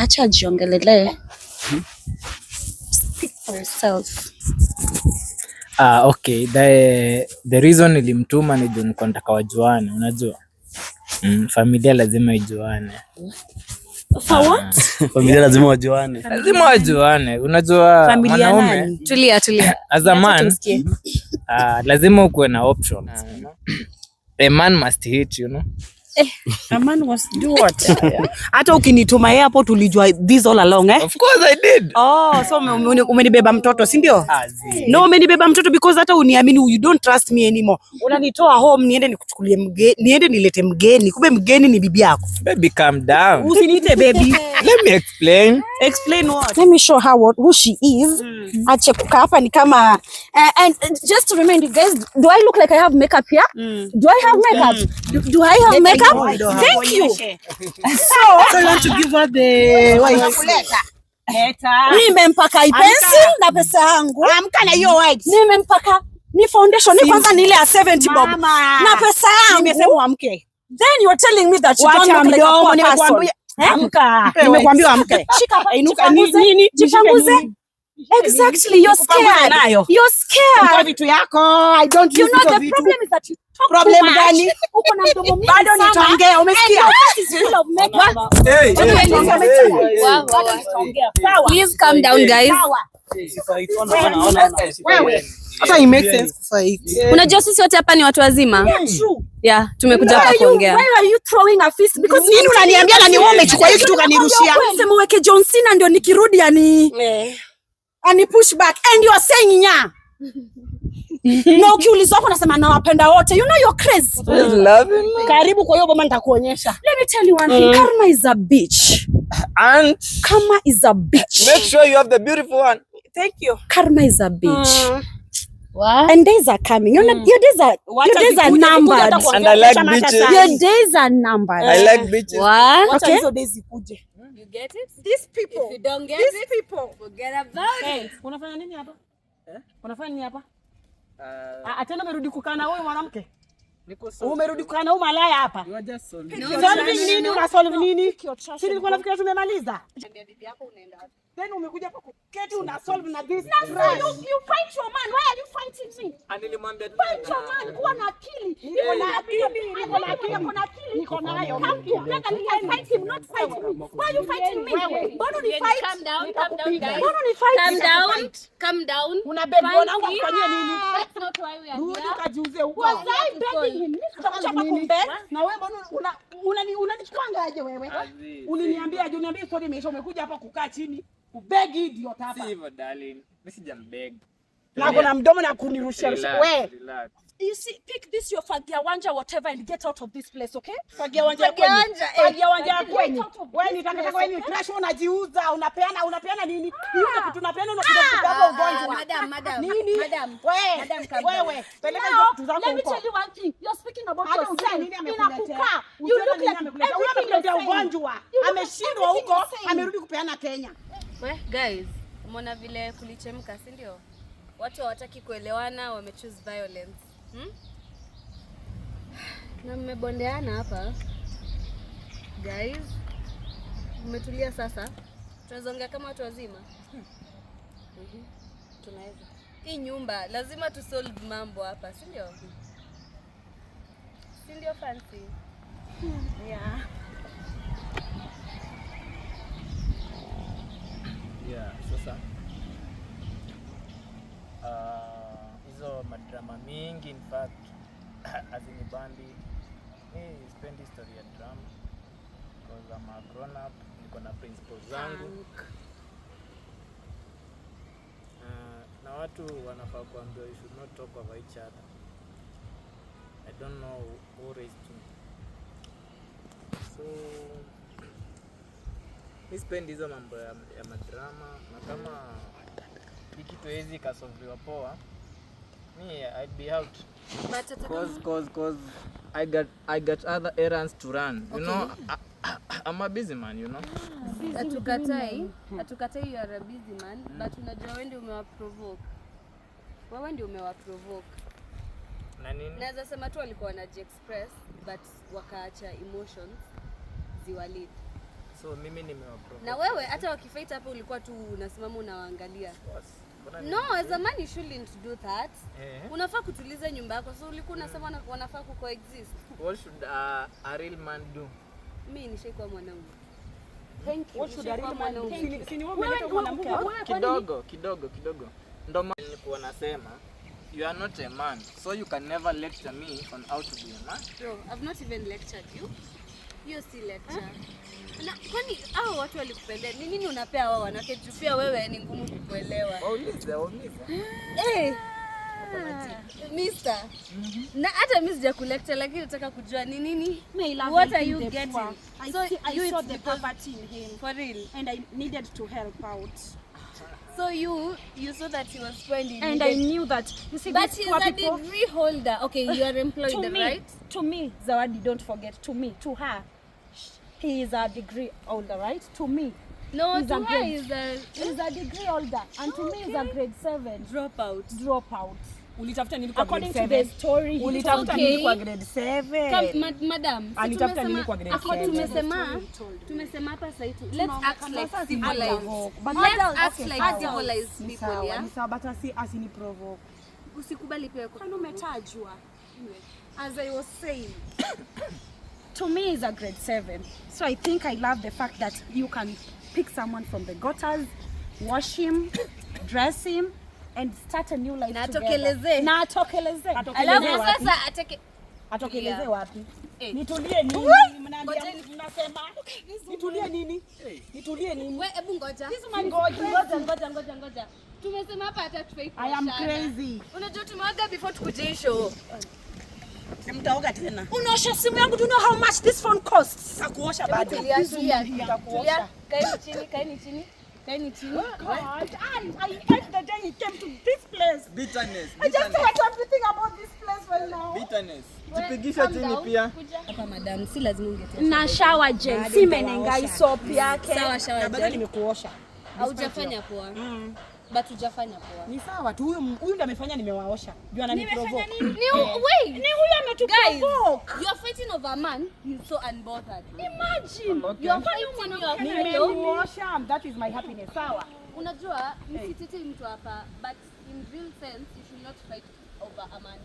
acha jiongelele. Speak for yourself. Ah, okay. The, the reason nilimtuma ni juu nilikuwa nataka wajuane, unajua mm, familia lazima ijuane. For ah. what? Familia lazima wajuane, lazima wajuane. Unajua mwanaume, tulia tulia, as a man ah, lazima ukuwe na options. Ah, a man must hit, you know Eh, a man was do what? Hata ukinituma yeye hapo tulijua this all along eh? Of course I did. Oh, so umenibeba mtoto, si ndio? Ah, no, umenibeba mtoto because hata uniamini you don't trust me anymore. Unanitoa home niende nikuchukulie mgeni, niende nilete mgeni. Kumbe mgeni ni bibi yako. Baby, calm down. Usiniite baby. Let me explain. Explain what? Let me show her what, who she is. Mm. Ache kuka ni kama uh, and just to remind you guys, do I look like I have makeup here? Mm. Do I have makeup? Mm. Do, do I have Let makeup? No, I don't have. Thank you. So, so I want to give her the white? Nimempaka pencil na pesa yangu. Amka na hiyo white. Nimempaka ni foundation ni kwanza ni ile ya 70 bob. Na pesa yangu. Nimesema amke. Then you are telling me that you don't look like a poor person. Eh? Amka. Eh, nimekwambia amke. Shika inuka eh, nini? Jipanguze. Exactly, you're scared. You're scared. Kwa vitu yako. I don't you know the problem is that you talk too much. Gani? Uko na mdomo mingi. Bado nitaongea, umesikia? Please calm down guys. Hey. Hey. Hey. hapa ni watu wazima. Hey. Hey. Yeah, tumekuja hapa kuongea. Why are you throwing a fist? Because nini unaniambia na ni wewe umechukua hiyo kitu kanirushia. Sema weke John Cena ndio nikirudi ani. Eh. Ani push back and you are saying nya. Na ukiulizwa hapo nasema nawapenda wote. You know you're crazy. I love him. Karibu kwa hiyo boma nitakuonyesha. Let me tell you one thing. Mm. Karma is a bitch. And Karma is a bitch. Make sure you have the beautiful one. Thank you. Karma is a bitch. Mm. What? And days are coming. Your, mm. your days are your days are numbered. And I like beaches. Your days are numbered. I like beaches. What? Okay. are hmm, You get it? These people. If you don't get These it, These people. Forget about hey, it. Unafanya nini hapa? Eh? Unafanya nini hapa? Ah, uh, atenda merudi kukaa na wewe mwanamke? Umerudi kukaa na umalaya hapa? You are just solving. Solving nini? Una solve nini? Si nilikuwa nafikiria tumemaliza. Bibi yako unaenda wapi? Then umekuja hapa kuketi una solve na this. Na so you, you fight your man. Why are you fighting me? Anilimwambia tu. Fight your man. Kuwa na akili. Niko na akili. Niko na akili. Niko na akili. Niko na nayo. Nataka me fight him, not fight me. Why are you fighting me? Mbona ni fight? Calm down. Calm down guys. Mbona ni fight? Calm down. Calm down. Una bend mbona unafanyia nini? Ah, that's not why we are here. Rudi huko. Was I begging him? Nitakuchapa kumbe. Na wewe mbona una unanichukwangaje wewe? Uliniambia, je, uniambie story imeisha umekuja hapa kukaa chini kubegi ndio hapa. Si hivyo darling. Mimi sijambeg. Na kuna mdomo na kunirusha rusha. We. You see, pick this your fagia wanja whatever and get out of this place, okay? Fagia wanja ya kwenye. Fagia wanja eh. kwenye. Wewe ni taka kwenye. Trash crash unajiuza, unapeana unapeana nini? Ah. Ni una kitu unapeana unakuja kugaba ah, ugonjwa. Madam, madam. Nini? Madam. Wewe. Madam Wewe. Peleka hizo vitu zako huko. Let me tell you one thing. You're speaking about yourself. Hata nini amekuletea. You look like everything you're ugonjwa. Ameshindwa huko, amerudi kupeana Kenya. Weh, guys, umeona vile kulichemka, si ndio? Watu hawataki kuelewana, wame choose violence. Hmm? Na mmebondeana hapa. Guys, mmetulia sasa. Tunaweza kama watu wazima. Hmm. Mhm. Tunaweza. Hii nyumba lazima tu solve mambo hapa, si ndio? Hmm. Si ndio, Fancy? Hmm. Yeah. Yeah, sasa uh, hizo uh, madrama mingi infact fact azinibambi. Mi sipendi story ya drama because I'm grown up, niko na principles zangu uh, na watu wanafaa kuambia you should not talk over each other. I don't know who raised me. So mi sipendi hizo mambo ya, ya madrama na kama hii kitu hizi ikasolviwa poa mi I'd be out cause, cause, cause I got, I got other errands to run you okay. know I, I'm a busy man you know hatukatai hatukatai you are a busy man mm. but unajua wewe ndio umewaprovoke wewe ndio umewaprovoke na nini naweza sema tu walikuwa na express but wakaacha emotions ziwalidi So mimi nimewaprovoke. Na wewe hata wakifight hapo ulikuwa tu unasimama unawaangalia. No, as a man you shouldn't do that. Eh. Unafaa kutuliza nyumba yako. So ulikuwa unasema mm, wanafaa ku coexist. What should a, a real man do? Mimi nishaikuwa mwanaume. Hmm? Thank you. What should a real man do? Si ni wewe umeleta mwanamke kidogo kidogo kidogo. Ndio maana nilikuwa nasema you are not a man, so you can never lecture me on how to be a man. No, I've not even lectured you hiyo si lecture. Na kwani hao watu walikupendea? Ni nini unapea wao wanawake juu pia wewe ni ngumu kukuelewa. Wauliza, wauliza. Eh. Mister. Mm-hmm. Na hata mimi sija kulecture lakini nataka kujua ni nini? What are you getting? I so see, I you saw the poverty in him. For real. And I needed to help out. So you you saw that he was spoiled and I knew that. You see, but he's a degree holder. Okay, you are employed, to me, right? To me, Zawadi, don't forget. To me, to her he is a degree older, right? To me. No, he's to a grade, is a, he's a degree older and to okay. me he's a grade 7 dropout. Dropout. According to the story. grade 7? Madam, Let's act like let's act like Usikubali pia to me is a grade seven. so I think I love the fact that you can pick someone from the gutters wash him dress him and start a new life Natokeleze. Natokeleze. alafu sasa atake atokeleze wapi eh. nitulie nini mnasema eh. nitulie nini nitulie nini wewe hebu ngoja ngoja ngoja ngoja ngoja tumesema hapa hata tufai I am crazy unajua tumeaga before tukuje show oh. Mtaoga tena. Unaosha simu yangu, do you know how much this phone costs? Sitakuosha bado. Tulia, kaeni chini, kaeni chini. Kaeni chini. Oh, I hate the day he came to this place. Bitterness. I just hate everything about this place right now. Bitterness. Jipigisha chini pia. Hapa madam, si lazima ungetea. Na shower gel, si menengai soap yake. Sawa, shower Na bado nimekuosha. Haujafanya poa. Mm. But hujafanya poa. Ni sawa tu huyu huyu ndiye amefanya nimewaosha. Jua nani provoke. Ni eh. wewe. Ni huyu ametuprovoke. You are fighting over a man so unbothered. Imagine. You are fighting over Nimewaosha. That is my happiness. Sawa. Unajua msitete eh. mtu hapa but in real sense you should not fight over a man.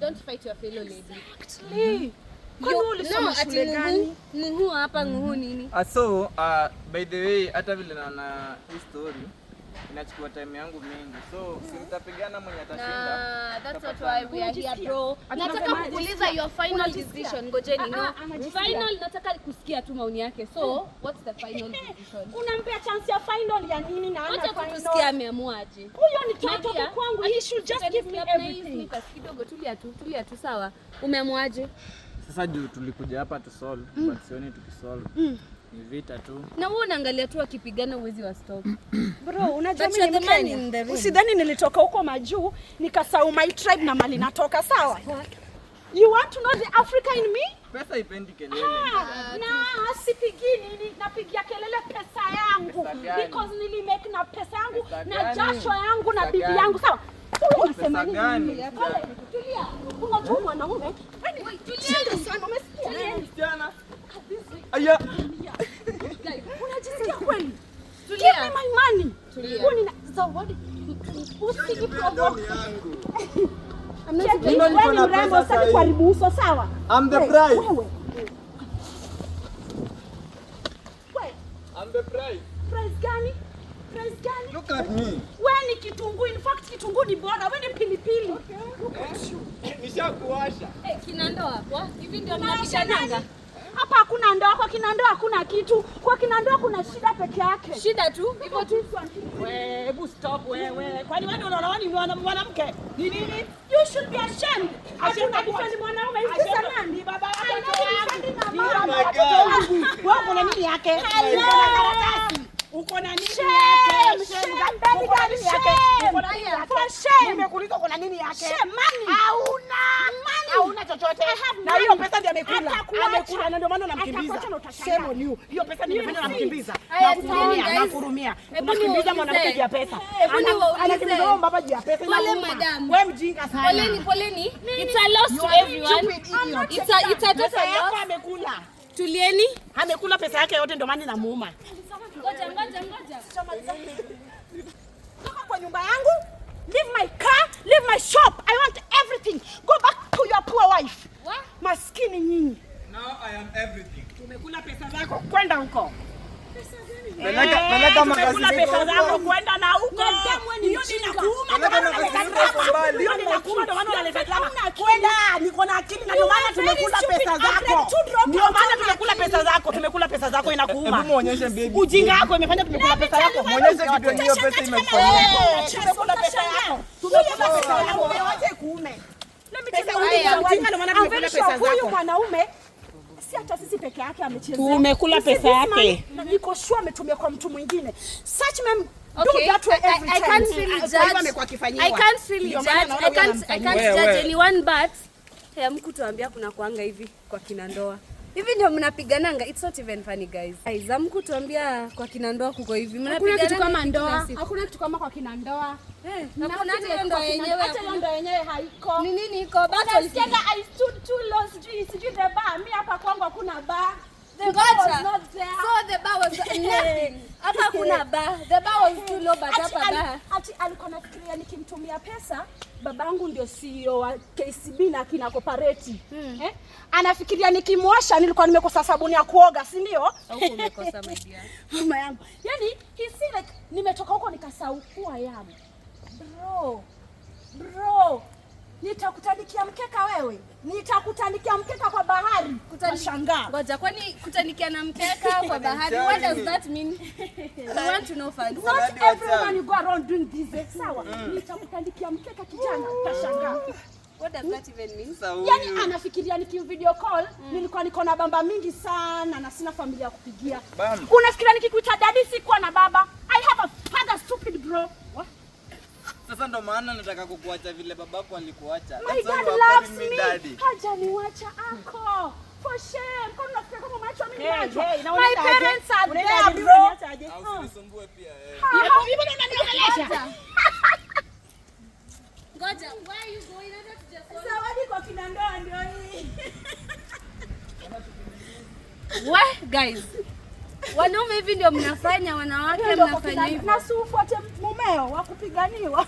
Don't fight your fellow lady. Exactly. Mm-hmm. Nguhu hapa nguhu nini? Ah, so, uh, by the way hata vile naona hii story inachukua time yangu mingi, so si mwenye atashinda. Nataka kusikia tu maoni yake. So what's the final decision? Unampea chance ya final ya nini na ana final. ameamuaje? Huyo ni kwangu. He should just give me everything. Kidogo tulia tu, tulia tu sawa. Umeamuaje? Sasa juu tulikuja hapa tu solve, mm. but sioni tukisolve. Mm. Ni vita tu. Na wewe unaangalia tu akipigana uwezi wa stop. Bro, unajua mimi ni Mkenya. Usidhani nilitoka huko majuu nikasahau my tribe na mali natoka sawa? You want to know the Africa in me? Pesa ipendi kelele. Ah, na sipigi nini, napigia kelele pesa yangu. Because nili make na pesa yangu na jasho yangu na bibi yangu sawa? Unasema nini? Tulia. Unajua mwanaume? Tulia. Yaani yaani kuharibu uso sawa. I'm the bride. I'm the bride. Price gani? Price gani? Look at me. Wewe ni kitunguu, in fact kitunguu ni bora. Wewe ni pilipili. Eh, nishakuwasha. Eh, kina hapo. Hivi ndio mnabishana hapa hakuna ndoa, kwa kina ndoa hakuna kitu, kwa kina ndoa kuna shida peke yake, shida tu hivyo tu. Wewe hebu stop wewe, kwani wewe unaona ni mwanamke ni nini? You should be ashamed. Ashamed ni mwanaume hivi sana, ni baba yako, ni mama yako, wewe kuna nini yake? Karatasi uko na nini yake? Nimekuuliza uko na nini yake? Hauna. Hauna chochote. Na hiyo pesa ndiyo amekula. Amekula na ndio maana namkimbiza. Sema niu. Hiyo pesa ndiyo imefanya namkimbiza. Nakuhurumia, nakuhurumia. Unakimbiza mwanamke ya pesa. Anakimbiza huyo mbaba juu ya pesa. Wewe mjinga sana. Poleni, poleni. It's a loss to everyone. It's a it's a total loss. Amekula. Tulieni. Amekula pesa yake yote ndio maana inamuuma. Ngoja ngoja ngoja. Toka kwa nyumba yangu. Leave my car, leave my shop. I want everything. Go back to your poor wife. What? Maskini nyinyi. Now I am everything. Tumekula pesa zako kwenda huko. niko na akili na ndio maana tumekula pesa zako pesa zako inakuuma. Hebu muonyeshe baby. Ujinga wako imefanya tumekula pesa yako. Muonyeshe video hiyo pesa imekufanya. Tumekula pesa yako. Tumekula pesa yako. Umewacha kuume. ujinga ndo maana tumekula Pesa pesa zako. Huyu mwanaume si hata sisi peke yake amechezea. Tumekula pesa yake. Niko sure ametumia kwa mtu mwingine. Such mem Okay. That I, I, can't really judge. I can't really judge. I can't, I can't judge anyone but hamkutuambia kuna kuanga hivi kwa kina ndoa. Hivi ndio mnapigananga. It's not even funny guys. Guys, hamkutuambia kwa kina ndoa kuko hivi. Mnapigananga kitu kama ndoa. Hakuna kitu kama kwa kina ndoa. Eh, hakuna hata ndoa yenyewe. Hata hiyo ndoa yenyewe haiko. Ni nini iko? Bado Sikia I stood too low. Sijui sijui the bar. Mimi hapa kwangu hakuna bar. The bar was not there. So the bar was nothing. Hapa kuna ba The ba was too low but hapa ba Ati alikuwa nafikiria nikimtumia pesa babangu ndio CEO wa KCB na kina Kopareti. Hmm. Eh? Anafikiria nikimwosha nilikuwa nimekosa sabuni ya kuoga, si ndio? Au umekosa maji yako. Mama yangu. Yaani hisi like nimetoka huko nikasahau kuwa yangu. Bro. Bro. Nitakutandikia mkeka wewe, nitakutandikia mkeka kwa bahari, Kutanishangaa. Ngoja, kwani kutanikia na mkeka kwa bahari, what does that mean? I want to know first. Not everyone you go around doing this. Eh? Sawa, mm. nitakutandikia mkeka kijana, utashangaa. What does that even mean? Yani anafikiria niki video call mm. Nilikuwa niko na bamba mingi sana na sina familia ya kupigia. Unafikiria nikikuita dadi sikuwa na baba? I have a father stupid bro. Sasa ndo maana nataka kukuacha vile babako alikuacha. My dad loves me. Haja niwacha ako. For shame. Kwa unafikia kama macho mimi macho. My parents are there bro. Ah. Usinisumbue pia. Hivi ndo unaniongelesha. Ngoja, where are you going? Hata tujakuona. Zawadi kwa kina ndoa ndio hii. What guys? Wanaume hivi ndio mnafanya, wanawake mnafanya hivi. Na si ufuate mumeo wa kupiganiwa.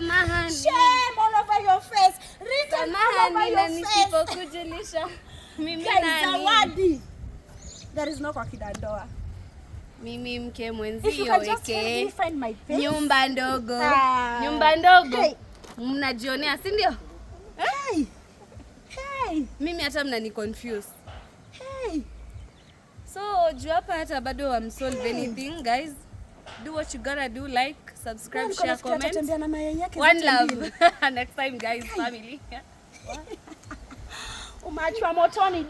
Shame all over your face. Written all over your face. Mimi nani? Zawadi. There is no kwa kidandoa. Mimi mke mwenzio weke nyumba ndogo uh, nyumba ndogo hey. Mnajionea si ndio? Hey. Hey. Mimi hata mnani confuse. Hey. So juu hapa hata bado wamsolve anything guys do what you gotta do like subscribe share comment one love next time guys family umeachwa motoni